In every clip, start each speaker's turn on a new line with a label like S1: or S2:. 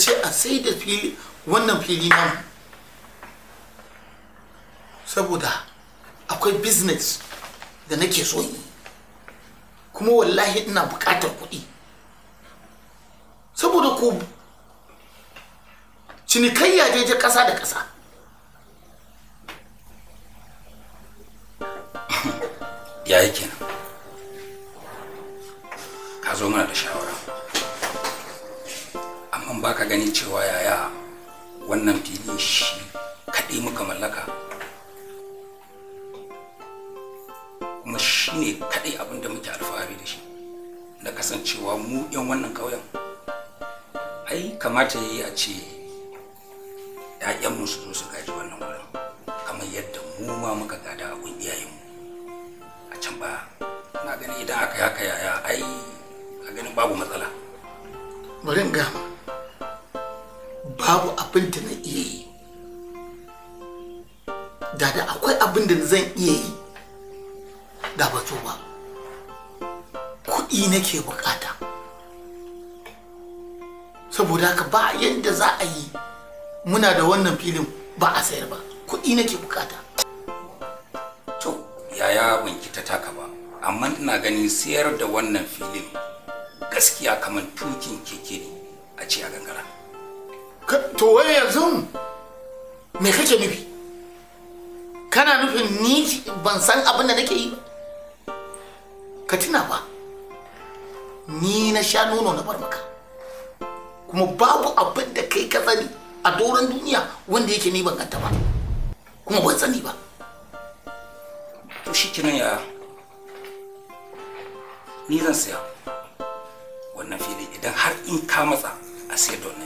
S1: ce a sai da fili wannan fili nan saboda akwai business da nake so yi kuma wallahi ina bukatar kuɗi saboda ku cinikayya je je ƙasa da ƙasa
S2: ya yi kenan ka zo mana da shawara in baka gani cewa yaya wannan fili shi kaɗai muka mallaka kuma shi ne kaɗai abin da muke alfahari da shi na kasancewa mu 'yan wannan ƙauyen ai kamata yayi yi a ce ‘ya'yanmu su zo su gaji wannan wurin kamar yadda mu ma muka gada a iyayenmu a can baya na gani idan aka yaka yaya ai a ganin babu matsala
S1: bari in gama babu abin da na iya yi da da akwai abin da zan iya yi da ba ba kuɗi nake bukata saboda haka ba yadda za a yi muna da wannan filin ba a sayar ba kuɗi nake bukata
S2: to yaya ban kita taka ba amma ina gani sayar da wannan filin gaskiya kamar tukin keke ne a ce a gangara
S1: to wai yanzu me kake nufi kana nufin ni ban san abin da nake yi ba ka tuna ba ni na sha nono na bar maka kuma babu abin da kai ka sani a doron duniya wanda yake ni ban ganta ba
S2: kuma ban sani ba to shi kinan ya ni zan saya wannan fili idan har in ka matsa a sai don.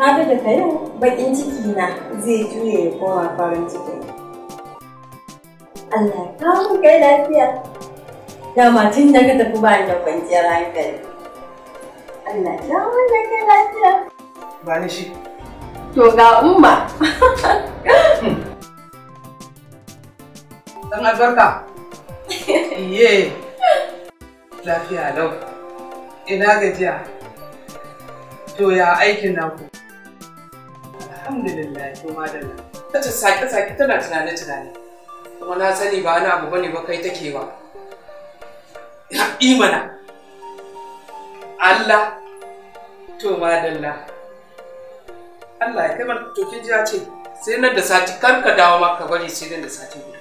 S3: Haɗu da kayo yau baƙin ciki na zai juye ya koma farin ciki. Allah ya kawo kai lafiya. Ga matin da ka tafi ba da kwanciyar hankali. Allah ya kawo da kai lafiya. Ba ni shi. To ga umma. Dan albarka. Iye.
S2: Lafiya lau. Ina gajiya. To ya aikin naku? Alhamdulillah, to madalla. Ta ce sake-sake tana tunane-tunane. Kuma na sani ba wani abu bane ba kai take ba. Imana. Allah. To madalla. Allah ya kai mana to kin ji ya ce sai nan da sati kar ka dawo ma ka bari sai nan da sati guda.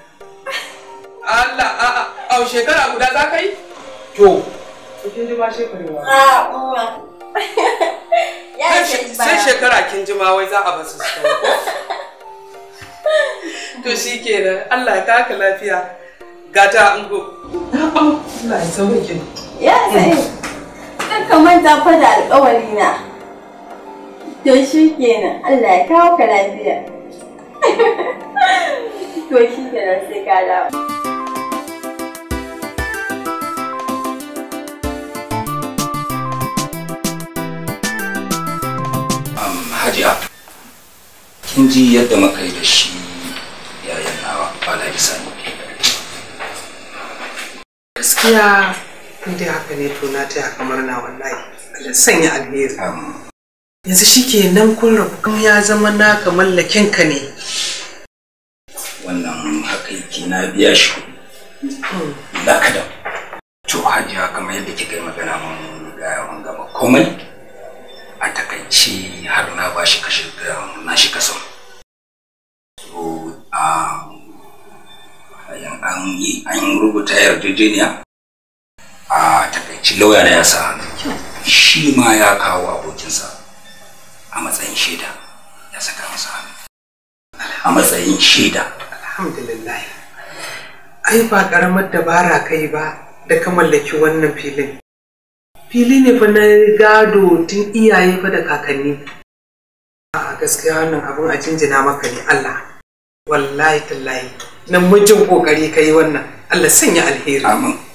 S2: Allah a a shekara guda
S3: za ka yi? To. Kin ji ma
S2: ba. A uwa. sai shekara kin jima wai za a basu su to shi kenan Allah ya kaka lafiya gata go
S3: Allah ya sauke ya sai kan ka manta fa da alƙawari na to shi kenan Allah ya kawo ka lafiya to shi kenan sai ka dawo
S2: kin ji yadda muka yi da shi yayin nawa yi sani gaskiya inda haka ne to na taya kamar na wallahi Allah sanya alheri yanzu shike nan kun rabu kun ya zama naka mallakin ka ne wannan haka yake na biya shi da ka da to hajiya kamar yadda kika yi magana mun mun gama komai a takaici har na bashi kashe na shi kaso an yi an rubuta yarjejeniya a takaici lauya na yasa sa shi ma ya kawo abokinsa a matsayin shaida ya saka masa hannu a matsayin shaida alhamdulillah ai ba karamar dabara kai ba da ka mallaki wannan filin fili ne fa na gado tun iyaye fa da kakanni a gaskiya wannan abin a jinjina maka ne Allah wallahi tallahi namijin kokari ka yi wannan Allah sanya alheri amin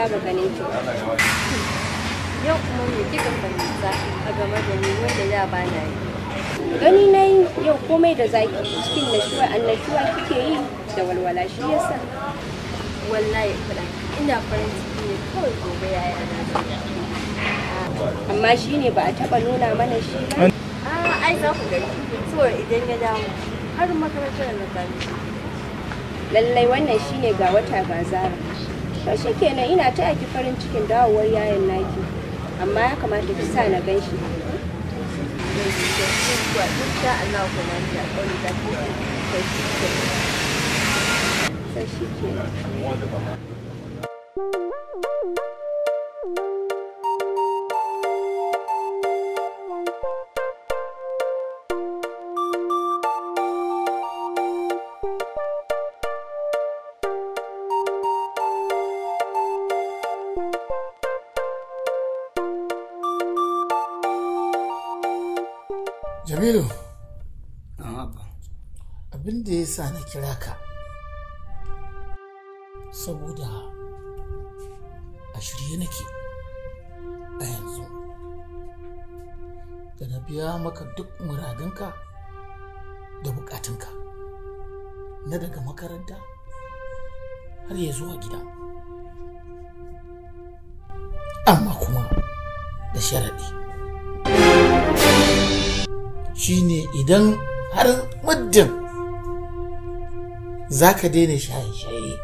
S3: saba ganin ki yau kuma me kika fahimta a game da ni wanda ya ba na yi gani na yi yau komai da zaki cikin nashuwa annashuwa kike yi da walwala shi yasa wallahi fara ina farin ciki ne kawai gobe yaya na amma shi ne ba a taba nuna mana shi ba ai za ku gani saboda idan ya dawo har makarantar da na lallai wannan shine ga wata bazara to shi kenan ina ta aiki farin cikin dawowar yayan naki amma ya kamata ki sa na gan shi Thank you.
S1: da ya sa na kira ka saboda a shirye nake a yanzu da na biya maka duk muradinka da bukatunka na daga makaranta har ya zuwa gida amma kuma da sharaɗi shine idan har muddin za ka daina shaye-shaye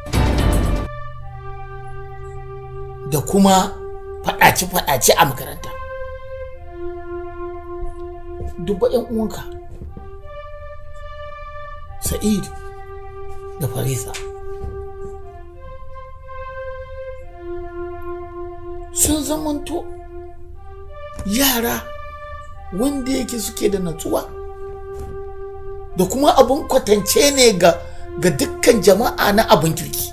S1: da kuma faɗace-faɗace a makaranta dubba yan uwanka sa'id da farisa sun zamanto yara wanda yake suke da natsuwa da kuma abin kwatance ne ga ga dukkan jama'a na abin kirki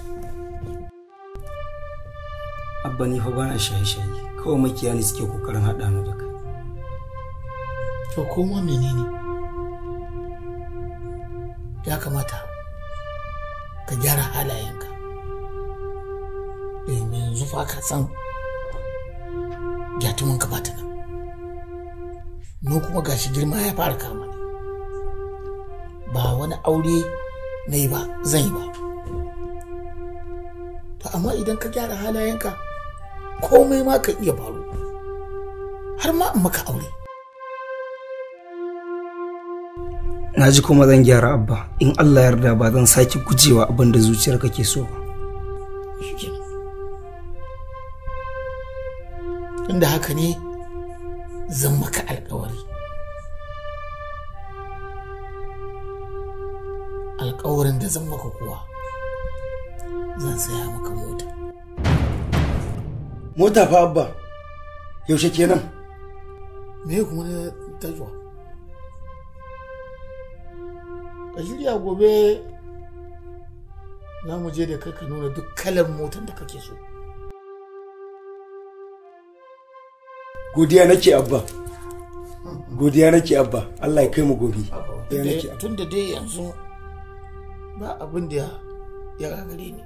S4: abba ni fa ba na shaye-shaye kawai makiya ne suke kokarin haɗa ni da kai
S1: to koma menene ya kamata ka gyara halayenka domin yanzu fa ka san gyatumin ba ta nan no kuma gashi girma ya fara kama ba wani aure na yi ba zan yi ba to amma idan ka gyara halayenka komai ma ka iya faru har ma in maka aure
S4: na ji kuma zan gyara abba in allah yarda ba zan sake gujewa abin da zuciyar ke so ba
S1: inda haka ne zan maka alkawari alkawarin da zan maka kuwa zan saya maka mota mota fa abba yaushe kenan me kuma na tajuwa ka shirya gobe za mu je da kai ka nuna duk kalan motar da kake so
S4: godiya nake abba godiya nake abba allah ya kai mu gobe
S1: tun da dai yanzu ba abin da ya gagare ni.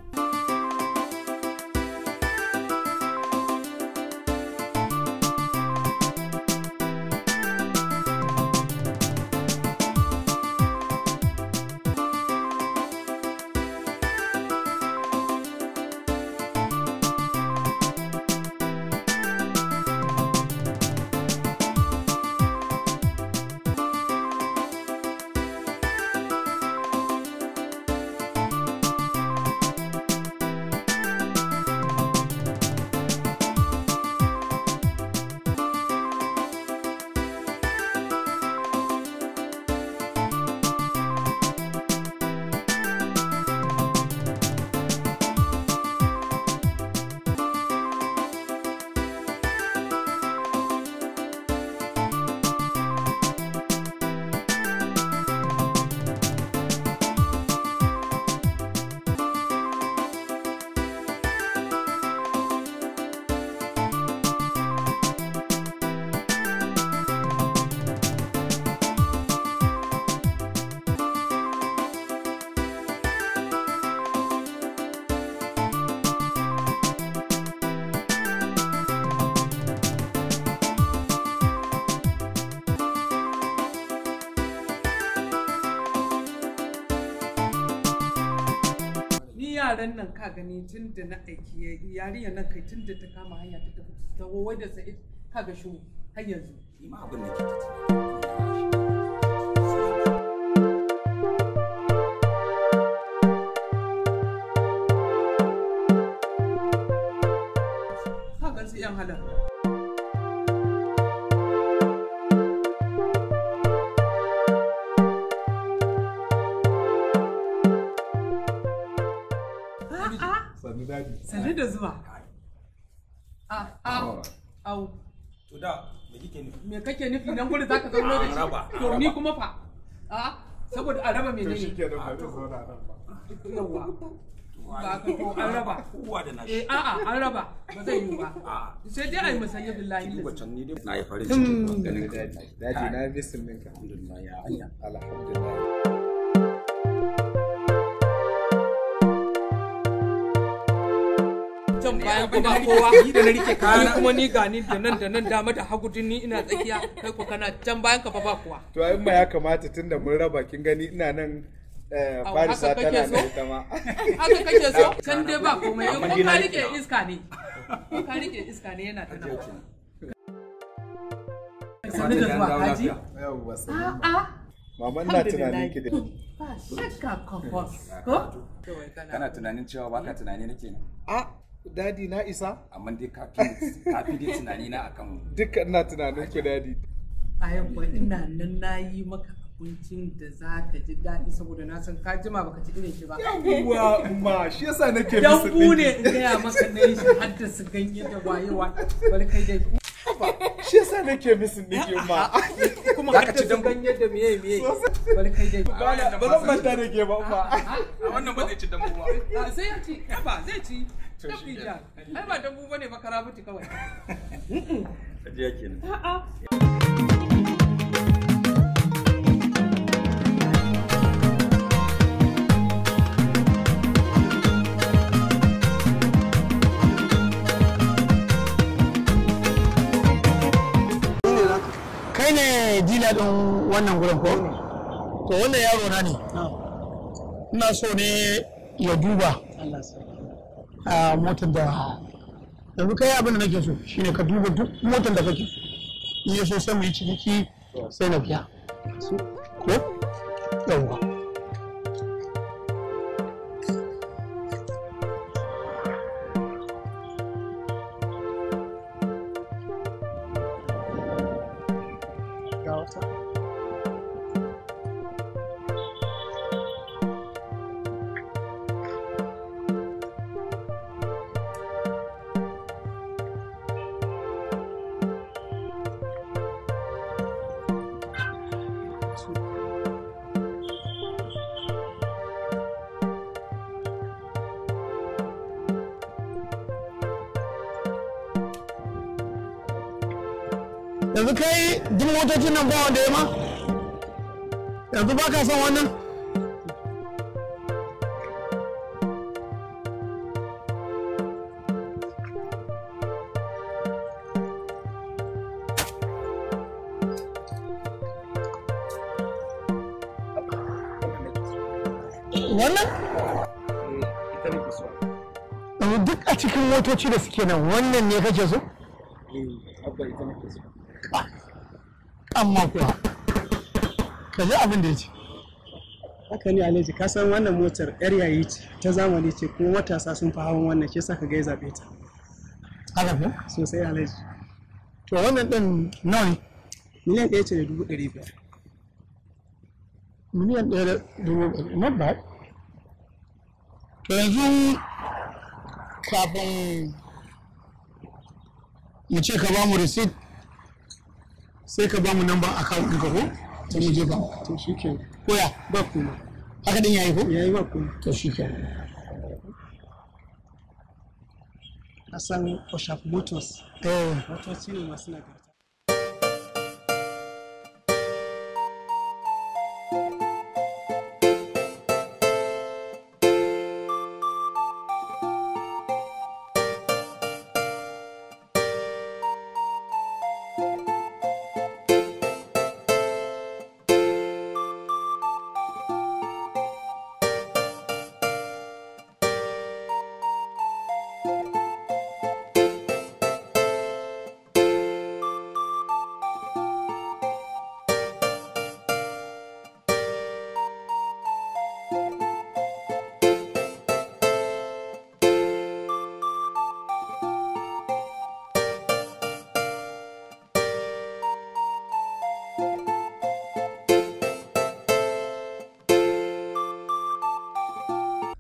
S2: wannan ka gani tun da na aiki yarinyar nan kai tun da ta kama hanya ta tafi ta wai da sa'id ka ga shi har yanzu. abin da Araba, ni kuma fa a saboda a raba menene shike da ba zo da
S5: nan
S2: ba yawa ba an raba kowa eh, ba zai yi ba sai dai a musayyi billahi ni wacan na yi farin cikin hmm. ganin daji na bisin ninka alhamdulillah ya alhamdulillah can bayan ku ba kowa da na rike kana kuma ni ga ni da nan da nan dama da mata hagudin ni ina tsakiya kai ko kana can bayan ka fa ba kowa to ai ma
S1: ya kamata tunda
S4: mun raba kin gani ina nan eh, Farisa tana da ita
S2: ma. Haka kake so? Can dai ba komai. Ko ka rike iska ne. Ko ka rike iska ne yana tana.
S1: Sani da
S2: Mama ina tunanin ki da
S1: Ba
S5: shakka kofos. Ko?
S2: Kana tunanin cewa ba ka tunani nake ne? A dadi na isa amma dai ka fi dai tunani na akan dukkan na tunanin ku dadi a yamma ina nan na yi maka abincin da za ka ji daɗi saboda na san ka jima baka ci irin shi ba yawwa
S1: ma shi yasa nake bisu ɗin
S2: ne in gaya maka na yi shi haddasa ganye da wayewa bari kai dai
S1: shi yasa nake misin nake ma kuma ka ci ganye da miye miye bari kai dai ba zan manta da ke ba a wannan
S5: ba zai ci dan ba sai ya ci
S2: ba zai ci to shi kenan ai ba kawai
S1: kai ne dila wannan gurin ko? to wannan yaro na ne ah. ina so ne ya duba motar da yanzu kai abin da nake so shine ka duba duk motar da kake so in ya so sai mu yi ciniki sai na biya ko yawwa motocin nan ba wanda ya ma yanzu ba ka son wannan wannan duk a cikin motoci da suke nan wannan ne kake so? Eh, amma kuwa ka ji abin da ya
S4: ce haka ne alhaji ka san wannan motar yar yayi ce ta zamani ce kuma matasa sun fi hawan wannan ke saka gai zaɓe ta haka ne sosai alhaji
S1: to wannan ɗin nawa ne miliyan ɗaya ce da dubu ɗari biyar miliyan ɗaya da dubu ɗari not bad to yanzu kafin mu ce ka ba mu receipt sai ka ba mu namba account ɗinka ko ta mu jefa to shi ke koya ba kuma haka din yayi ko yayi ba ku. to shi ke
S4: kasan Oshak Motors eh Motors ne
S2: masu nagari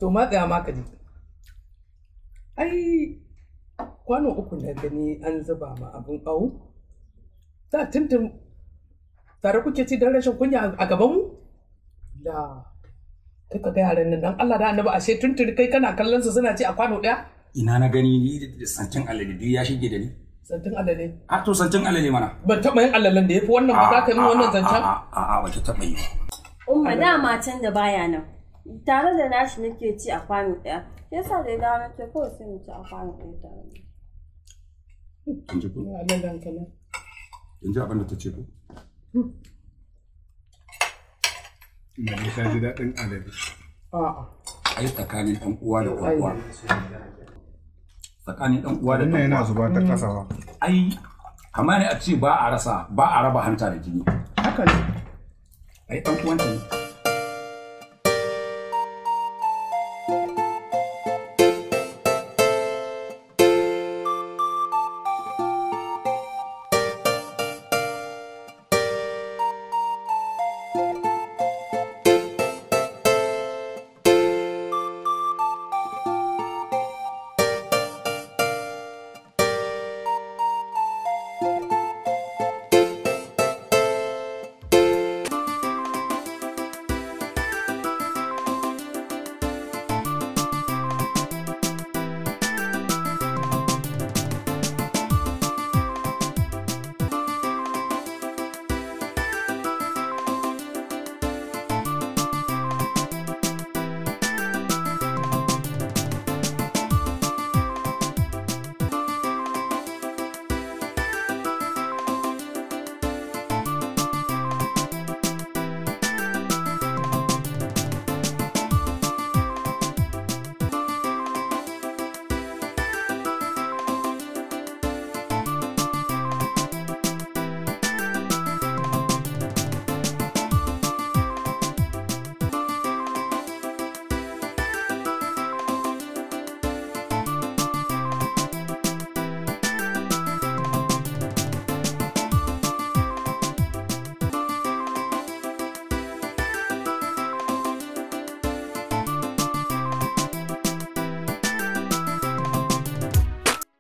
S2: to ma gaya ma ka ji ai kwano uku na gani an zuba ma abin awo ta tuntun tare kuke ci don rashin kunya a gaban mu da ka ga yaran nan dan Allah da annabi ashe tuntun kai kana kallon su suna ci a kwano daya ina na gani ni santin alade duk ya shige da ni santin alade a to santin alade mana ban taba yin alalen da yafi wannan ba za ka yi wannan zancen a a ba ta taba yi
S3: umma da matan da baya nan tare da nashi nake ci a kwano ɗaya shi sa da ya dawo nake kawai sai mu ci a kwano ɗaya tare da ku? Allah dankali.
S2: In ji abin da ta ce ku? Mami ta ji daɗin alade. A'a. Ai tsakanin ɗan uwa da uwa. Tsakanin ɗan uwa da ɗan uwa. yana zuba ta ƙasa ba. Ai kamar a ce ba a rasa ba a raba hanta da jini. Haka ne. Ai ɗan uwanta ne.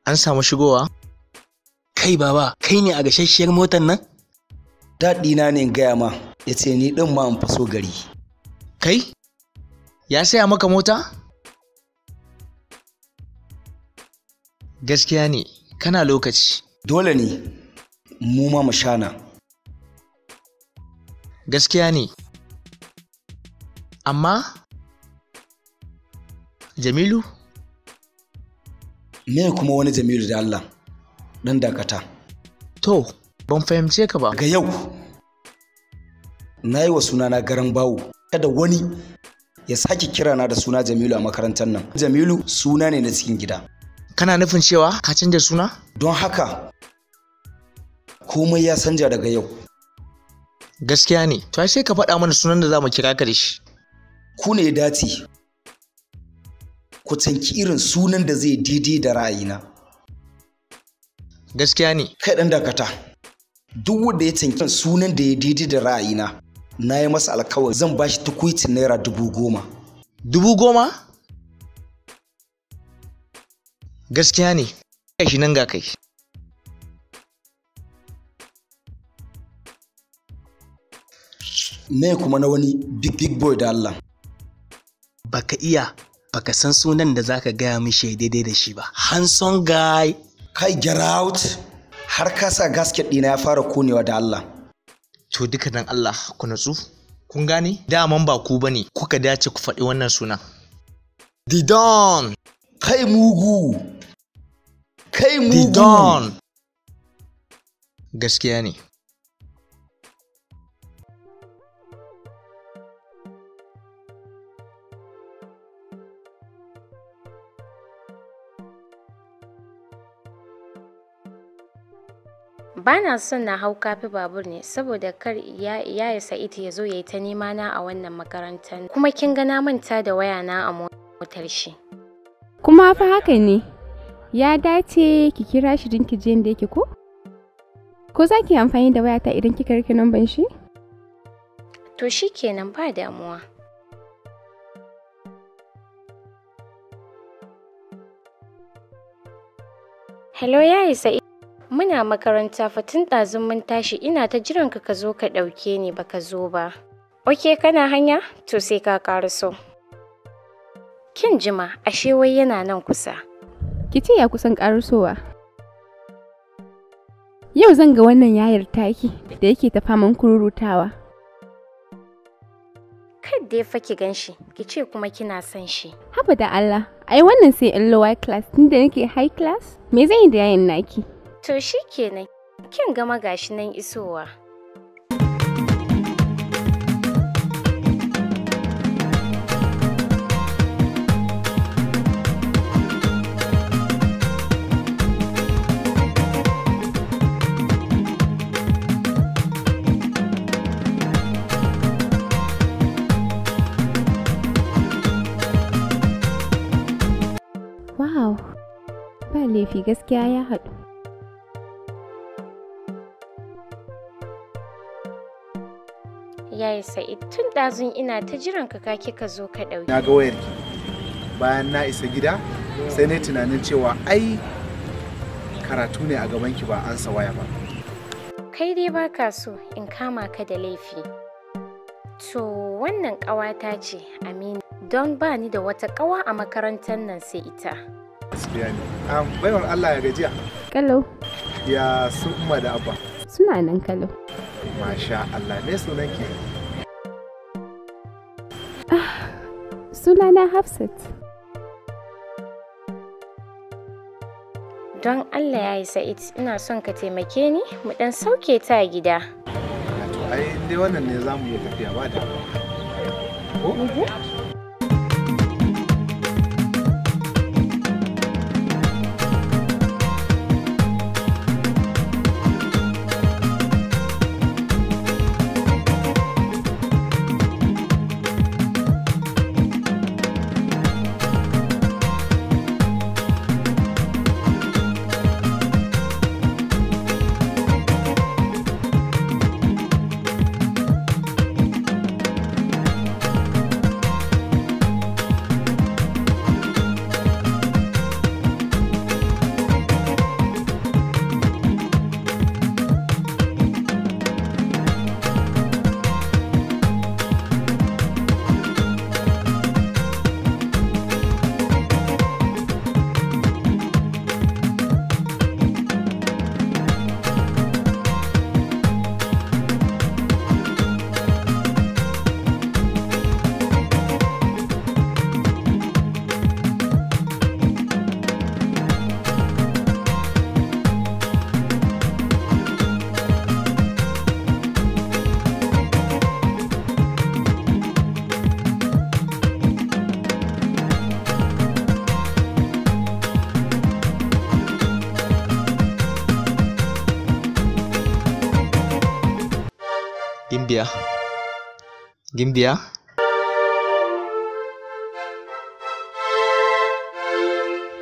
S4: an samu shigowa? Kai baba, kai ne a gashashiyar motar nan? Daɗina ne gaya ma, ya ce ni ɗin ma faso gari. Kai? Ya saya maka mota? Gaskiya ne, kana lokaci. Dole ne, mu ma mu Gaskiya ne. Amma? Jamilu? Ne kuma wani jamilu da Allah dan dakata to ban fahimce ka ba ga yau na yi wa sunana garan bawo kada wani ya sake kirana da suna jamilu a makarantar nan jamilu suna ne na cikin gida kana nufin cewa ka canja suna don haka komai ya canja daga yau gaskiya ne to sai ka faɗa mana sunan da za mu kira ka da shi ku ne dace kusanci irin sunan da zai daidai da ra'ayina gaskiya ne kai ɗan dakata duk wanda ya tanki sunan da ya daidai da ra'ayina na yi masa alkawar zan ba shi tukwitin naira dubu goma dubu goma gaskiya ne kai shi nan ga kai me kuma na wani big big boy da Allah baka iya baka san sunan da zaka gaya mishi daidai da shi ba hanson guy kai get out har ka sa gasket ɗina ya fara konewa da Allah to duka dan Allah ku natsu kun gane daman ba ku bane kuka dace ku faɗi wannan sunan
S1: Didon kai mugu kai mugu Didon
S3: gaskiya ne
S6: Ba na son na hau kafi babur ne saboda kar ya ya Sa'id ya zo ya yi ta nema na a wannan makarantar. Kuma kin ga na manta da wayana a motar shi. Kuma fa haka ne, ya dace ki kira shi don ki je inda yake ko? Ko za ki amfani da wayata idan kika rike namban shi? To shi kenan ba damuwa. Hello it's a... Muna makaranta fa tun ɗazun mun tashi ina ta jiran ka ka zo ka ɗauke ni ba ka zo ba. Oke kana hanya? To sai ka ƙara so. Kin jima, ashe wai yana nan kusa. Ki ya kusan ƙarasowa. Yau zan ga wannan yayar taki da yake ta faman kururutawa. Kadda ya faki gan shi, ki ce kuma kina son shi. Haba da Allah, ai wannan sai in lower class da nake high class? Me zan yi da yayin naki? To shi kenan, kin gama gashi nan isowa. Wow! Ba laifi gaskiya ya haɗu. Yayi Sa'id tun dazun ina ta jiran ka kake ka zo ka ɗauki. Na ga wayarki
S1: bayan na isa gida sai na tunanin cewa ai karatu ne a gaban ki, ba an sa waya ba.
S6: Kai dai ba ka so in kama ka da laifi. To wannan kawata ce Amina. don ba ni da wata kawa a makarantar nan sai ita.
S4: Gaskiya ne. baiwar Allah ya gajiya. Kalo. Ya su da
S1: abba.
S6: Suna nan kalo.
S1: Masha Allah, me sunan ke?
S6: sunana Hafsat. Don Allah ya yi Sa'id, ina son ka taimake ni mu dan sauke ta gida.
S1: ai dai wannan ne za mu yi tafiya ba da
S2: ko? Mhm.
S4: Gimbiya?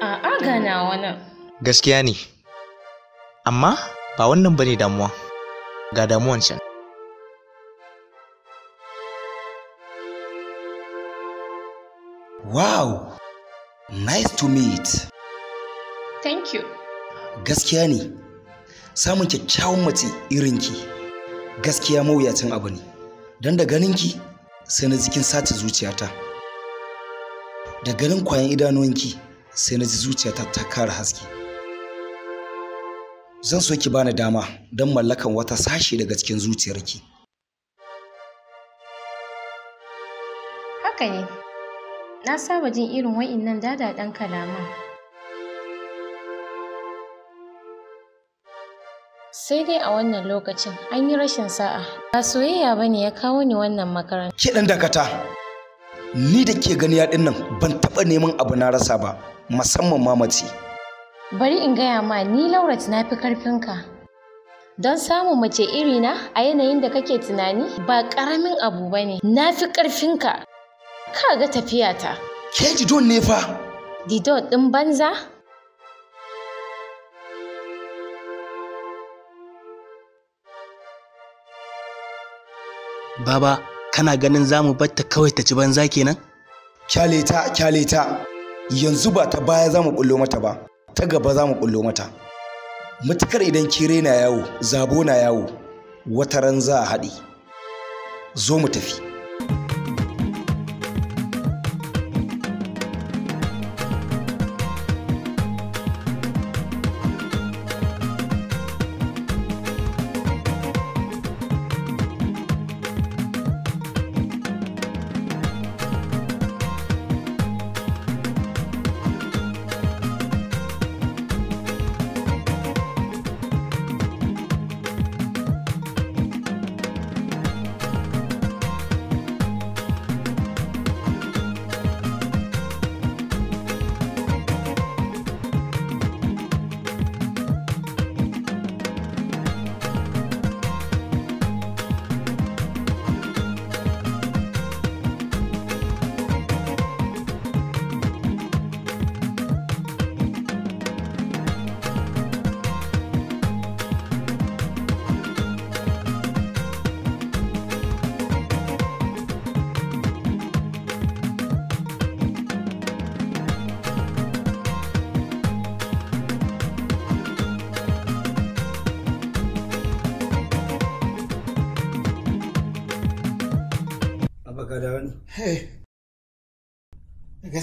S6: A'a gana wani.
S4: Gaskiya ne. Amma ba wannan bane damuwa. Ga damuwan can. Wow! Nice to meet. Thank you. Gaskiya ne, samun kyakkyawan mace irinki gaskiya mawuyacin abu ne, don da ganinki sai na jikin sace zuciyata da ganin kwayan idanuwanki sai na ji zuciyata ta kara haske zan so ki bani dama don mallakan wata sashe daga cikin zuciyarki
S6: haka ne na saba jin irin wa'in nan wa'innan dan kalaman sai dai a wannan lokacin an yi rashin sa'a ba soyayya ba ne ya kawo ni wannan makaranta ke
S1: dan
S4: dakata ni da ke gani yaɗin nan ban taɓa neman abu na rasa ba musamman mamaci
S6: bari in gaya ma ni laurat na fi karfinka don samun mace iri na a yanayin da kake tunani ba ƙaramin abu ba ne na fi karfinka ka ga tafiyata ke jidon ne fa didot ɗin banza
S4: Baba, kana ganin za mu kawai ta ci banza kenan? Kyale ta, kyale ta. Yanzu ba ta baya za mu bullo mata ba, ta gaba za mu bullo mata. Matukar idan kire na yawo, zabo na yawo, wataran za a haɗi. Zo mu tafi.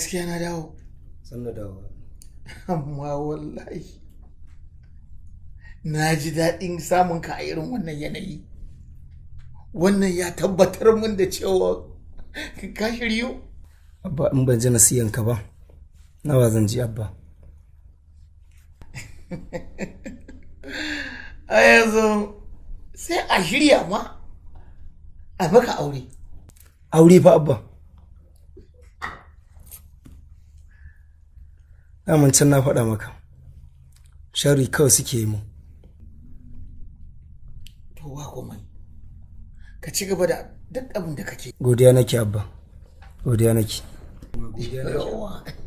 S1: gaskiya na dawo sannu dawo amma wallahi na ji daɗin samun ka a irin wannan yanayi wannan ya tabbatar min da cewa ka shiryu
S4: abba in ban ji nasiyanka ba nawa zan ji abba
S1: a yanzu sai a shirya ma a maka aure aure
S4: fa abba mun can na faɗa maka shari kawai suke yi mu
S1: to wa komai ka ci gaba da duk abin da kake
S4: godiya nake abba godiya nake godiya nake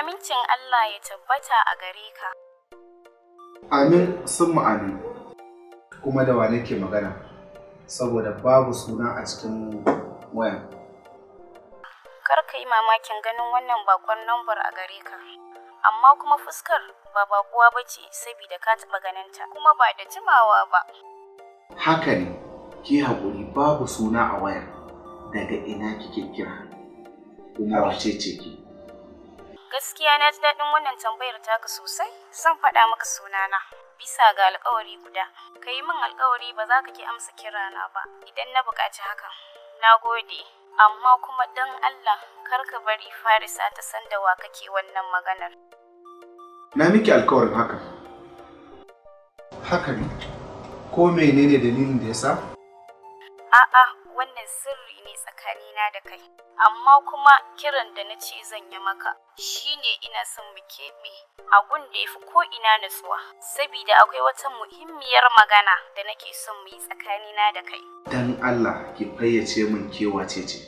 S5: Amincin Allah ya tabbata a gare ka.
S1: Amin
S4: sun amin. Kuma da wa nake magana, saboda babu suna a
S5: cikin wayan? Kar ka yi mamakin ganin wannan bakon lambar a gare ka. Amma kuma fuskar ba bakuwa ba ce saboda ka taɓa ganinta kuma ba da jimawa ba.
S4: Haka ne, ki haƙuri babu suna a wayar daga ina kike kira. Kuma wace ce ki?
S5: Gaskiya na ji daɗin wannan tambayar taka sosai, zan faɗa maka sunana. Bisa ga alƙawari guda, ka yi min alƙawari ba za ka ki amsa kirana ba idan na buƙaci hakan. Na gode, amma kuma don Allah kar ka bari Farisa ta san da wa kake wannan maganar.
S1: Na miki alƙawarin haka.
S4: Haka ne, ko menene dalilin da ya sa?
S5: a'a wannan sirri ne tsakanina da kai amma kuma kiran da na ce zan yi maka shine ina son mu a gun da ya fi ko ina nutsuwa, saboda akwai wata muhimmiyar magana da nake son mu yi tsakanina da kai
S4: dan Allah ki fayyace min kewace ce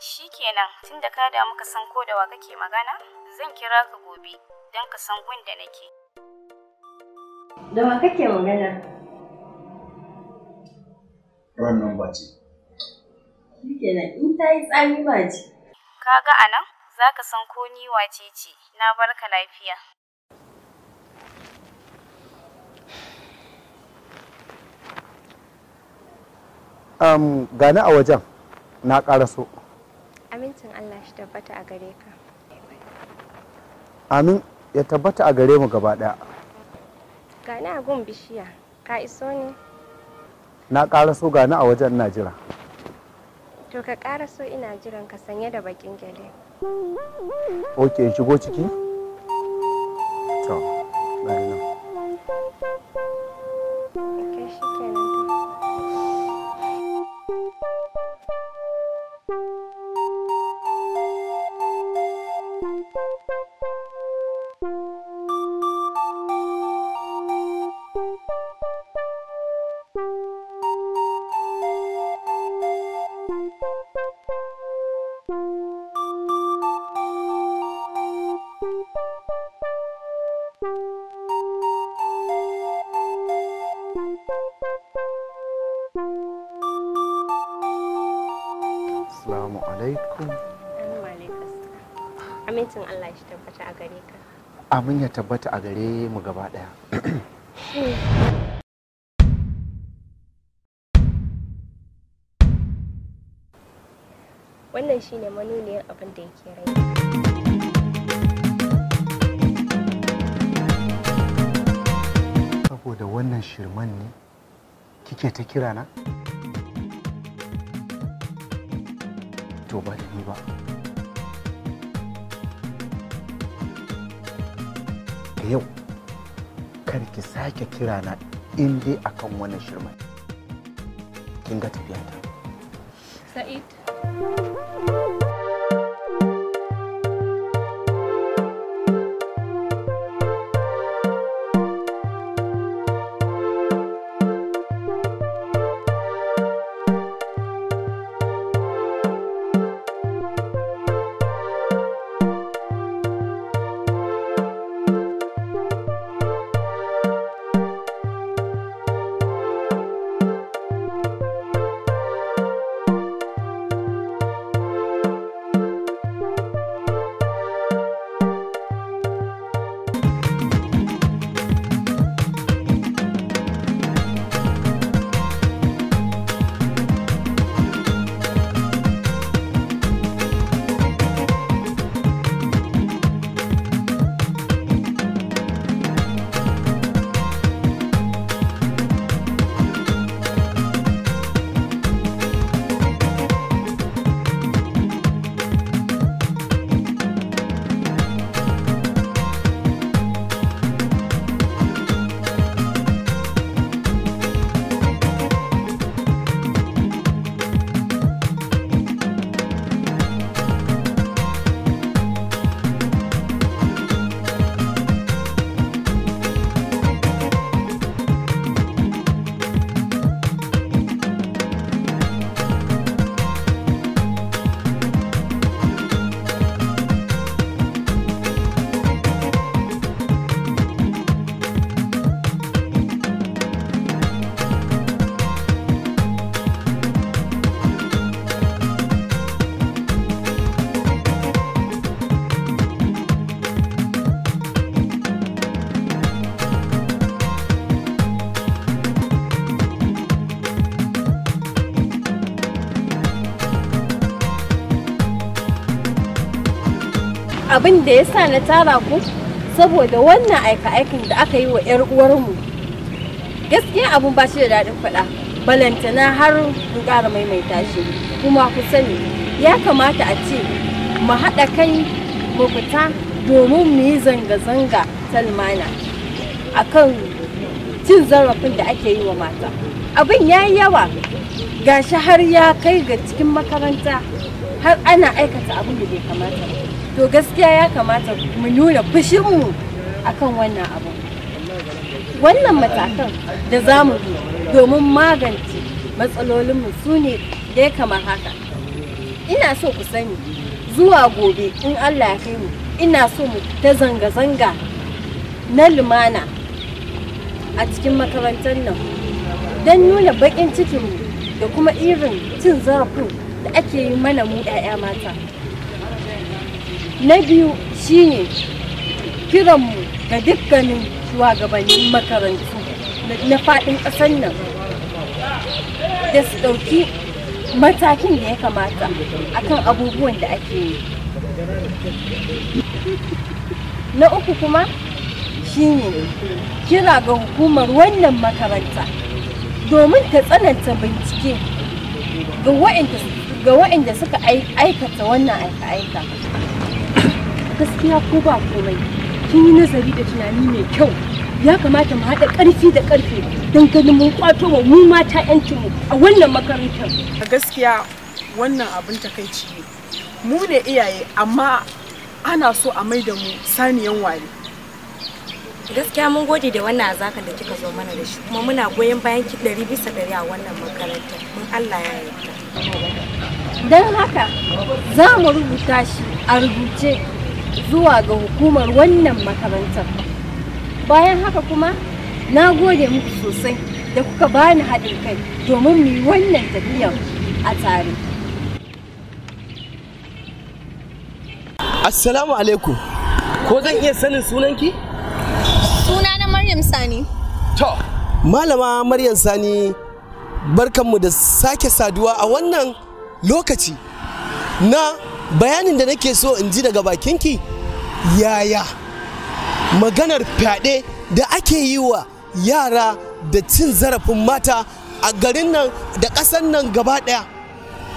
S5: shikenan tunda ka da muka san ko da wa kake magana zan kira ka gobe don ka san gun da nake
S3: da wa kake magana
S1: ran nan ba ce.
S3: Shikenan in ta yi tsami ba ce.
S5: Ka ga a nan za ka san ko ni wace ce na barka lafiya.
S4: Um, gani a wajen na ƙara so.
S6: Amincin Allah shi tabbata a gare ka.
S4: Amin ya tabbata a gare mu gaba ɗaya.
S6: Gani a gun bishiya, ka iso ne?
S4: na ƙara so gani a wajen na jira
S6: to ka ƙara so ina jiran ka sanye da bakin gyale
S4: ok shigo ciki
S6: tabbata a gare ka
S1: amin ya tabbata a gare mu gaba daya
S5: wannan shine manuniyar abin da yake rai
S4: saboda wannan shirman ne kike ta kira na
S1: to ba da ni ba yau kar ki sake kira
S4: na in dai akan wannan shirman kin ga tafiya ta
S1: sa'id
S3: abin da ya sa na tara ku saboda wannan aika-aikin da aka yi wa 'yar uwarmu gaskiya abun ba shi da daɗin faɗa balantana har in ƙara maimaita shi kuma ku sani ya kamata a ce mu haɗa kai mu fita domin mu yi zanga-zanga talmana akan a kan cin zarafin da ake yi wa mata abin ya yi yawa gashi har ya kai ga cikin makaranta har ana aikata abin da bai kamata ba to gaskiya ya kamata mu nuna fushinmu akan wannan abu wannan matakan da za mu bi domin magance matsalolinmu su ne da ya kama haka ina so ku sani zuwa gobe in allah ya kai mu ina so mu ta zanga-zanga na lumana a cikin makarantar nan don nuna baƙin cikinmu da kuma irin cin zarafin da ake yi mana mu 'ya'ya mata na biyu shine kiranmu ga dukkanin shugabannin makarantu na faɗin ƙasar nan da su ɗauki matakin da ya kamata akan abubuwan da ake yi na uku kuma shine kira ga hukumar wannan makaranta domin ta tsananta bincike ga waɗanda suka aikata wannan aika-aika gaskiya ko ba komai kin yi nazari da tunani mai kyau ya kamata mu haɗa ƙarfi da ƙarfe don ganin mun kwato wa mu mata mu a wannan makarantar a gaskiya wannan abin takaici ne mu ne iyaye amma ana so a maida mu saniyan wari. gaskiya mun gode da wannan azakan da kika zo mana da shi kuma muna goyon bayan ki ɗari bisa ɗari a wannan makaranta mun Allah ya yarda don haka za mu rubuta shi a rubuce zuwa ga hukumar wannan makarantar bayan haka kuma na gode muku sosai da kuka bani haɗin kai domin mu yi wannan tafiyar a tare
S4: assalamu alaikum
S3: ko zan iya sanin sunanki
S5: suna na maryam sani
S4: to malama maryam sani barkanmu da sake saduwa a wannan lokaci na bayanin da nake so in ji daga bakinki yaya maganar fyaɗe da ake yi wa yara da cin zarafin mata a garin nan da ƙasar nan gaba ɗaya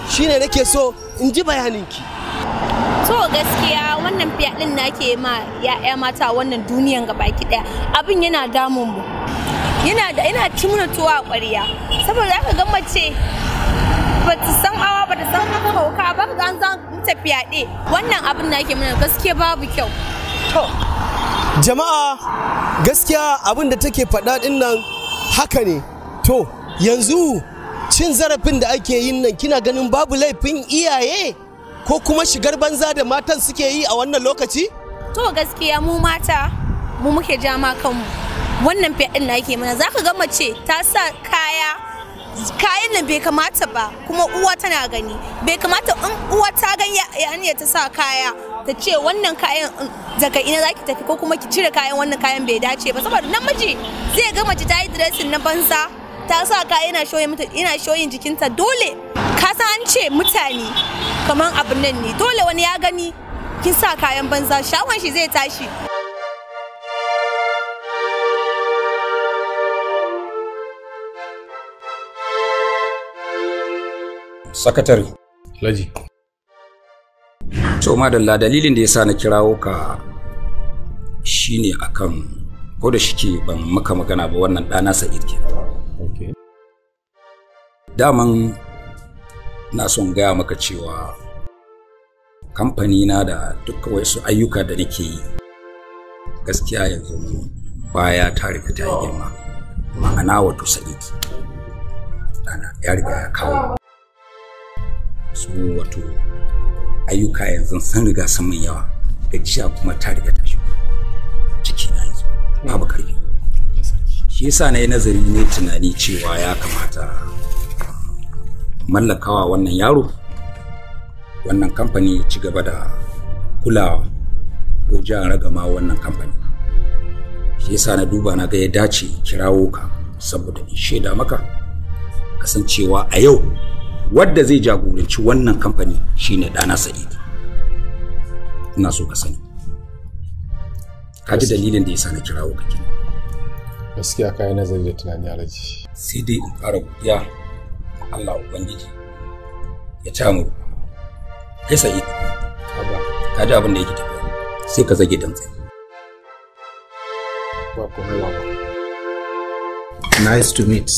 S4: shine nake so in ji bayaninki
S3: to gaskiya wannan fyaɗin na ke ma ya'ya mata wannan duniyan gabaki ɗaya abin yana damun mu yana da yana cimuna tuwa a ƙwarya saboda aka gama ce ba ta san awa ba fyaɗe wannan abin da ake mana gaskiya babu kyau to
S4: jama'a gaskiya abin da take faɗa ɗin nan haka ne to yanzu cin zarafin da ake yin nan kina ganin babu laifin iyaye ko kuma shigar banza da matan suke yi a wannan lokaci
S3: to gaskiya mu mata mu muke jama kanmu wannan fyaɗin da ake mana zaka ga mace ta sa kaya kayan nan bai kamata ba kuma uwa tana gani bai kamata in uwa ta gani ya ta sa kaya ta ce wannan kayan um, daga ina zaki tafi ko kuma ki cire kayan wannan kayan bai dace ba saboda namiji zai ga mace ta yi dressing na banza ta sa kaya yana shoyin yana shoyin jikinta dole ka san an ce mutane kaman abin nan ne dole wani ya gani kin sa kayan banza shagon shi zai tashi
S2: sakatare laji to madalla dalilin da ya sa na kirawo ka shine akan ko da shike ban maka magana ba wannan ɗana sa'id ke daman na son gaya maka cewa kamfani na da duka wasu ayyuka da nake yi gaskiya yanzu baya ta rika ta yi girma ma'ana wato sa'id ya riga ya kawo su wato ayyuka yanzu sun riga sun mun yawa gajiya kuma ta riga ta shigo ciki na yanzu babu karfi shi yasa na yi nazari ne tunani cewa ya kamata mallakawa wannan yaro wannan kamfani ci gaba da kulawa ko jan ragama wannan kamfani shi yasa na duba na ga ya dace kirawo ka saboda in shaida maka kasancewa a yau wadda zai jagoranci wannan kamfani shine dana sa'idi ina so ka sani kaji dalilin da ya sa na kirawo ka kenan gaskiya kayan nazari da tunani a raji sai dai in fara godiya Allah ubangiji ya ta mu kai sa'id ka ji abin da yake tafiya sai ka zage dantse ba komai ba
S4: nice to meet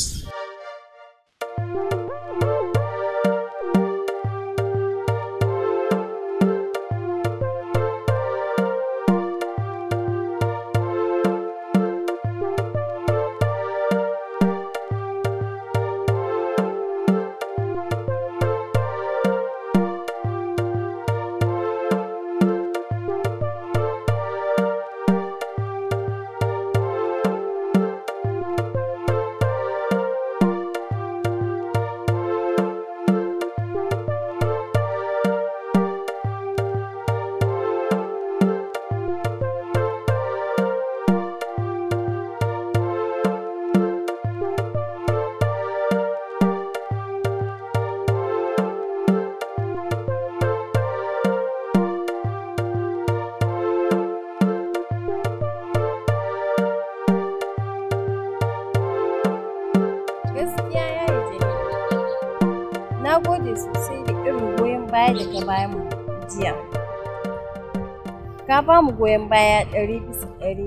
S3: ba mu goyon baya ɗari bisa ɗari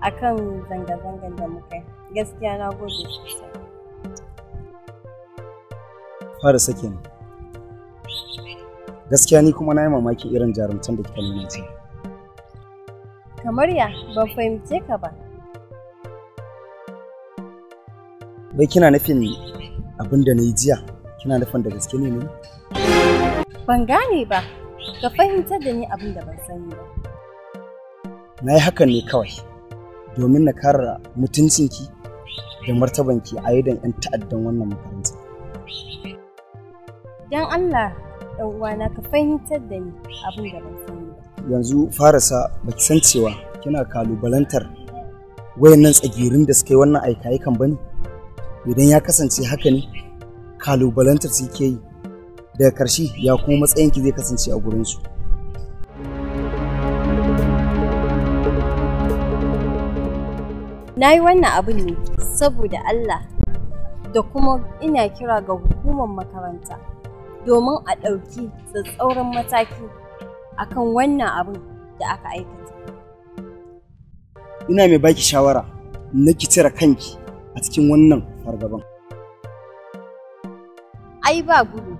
S3: a kan zanga-zangar da muka yi gaskiya na gode sosai
S4: fara sakin gaskiya ni kuma na yi mamaki irin jarumtan da kika nuna ce
S3: kamar ya ban fahimce ka ba
S4: bai kina nufin abin da na yi jiya kina nufin da gaske ne ne
S3: ban gane ba ka fahimtar da ni abin da ban sani ba.
S4: Na yi hakan ne kawai domin na kara mutuncinki da martabanki a idan 'yan ta'addan wannan makaranta.
S3: Don Allah uwana ka fahimtar da ni abin da ban sani ba.
S4: Yanzu farasa ki san cewa kina kalubalantar wayannan tsagirin da suka yi wannan aika kan bane? Idan ya kasance haka ne, kalubalantar su ke yi daga karshe ya kuma matsayin ki zai kasance a gurinsu
S3: na yi wannan abin ne saboda allah da kuma ina kira ga hukumar makaranta domin a ɗauki tsatsauran mataki akan wannan abin da aka aikata
S4: ina mai baki shawara na ki cire kanki a cikin wannan fargaban
S3: ai ba gudu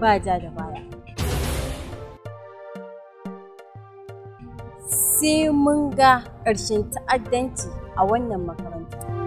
S3: ba ja da baya sai mun ga ƙarshen ta'addanci a wannan makaranta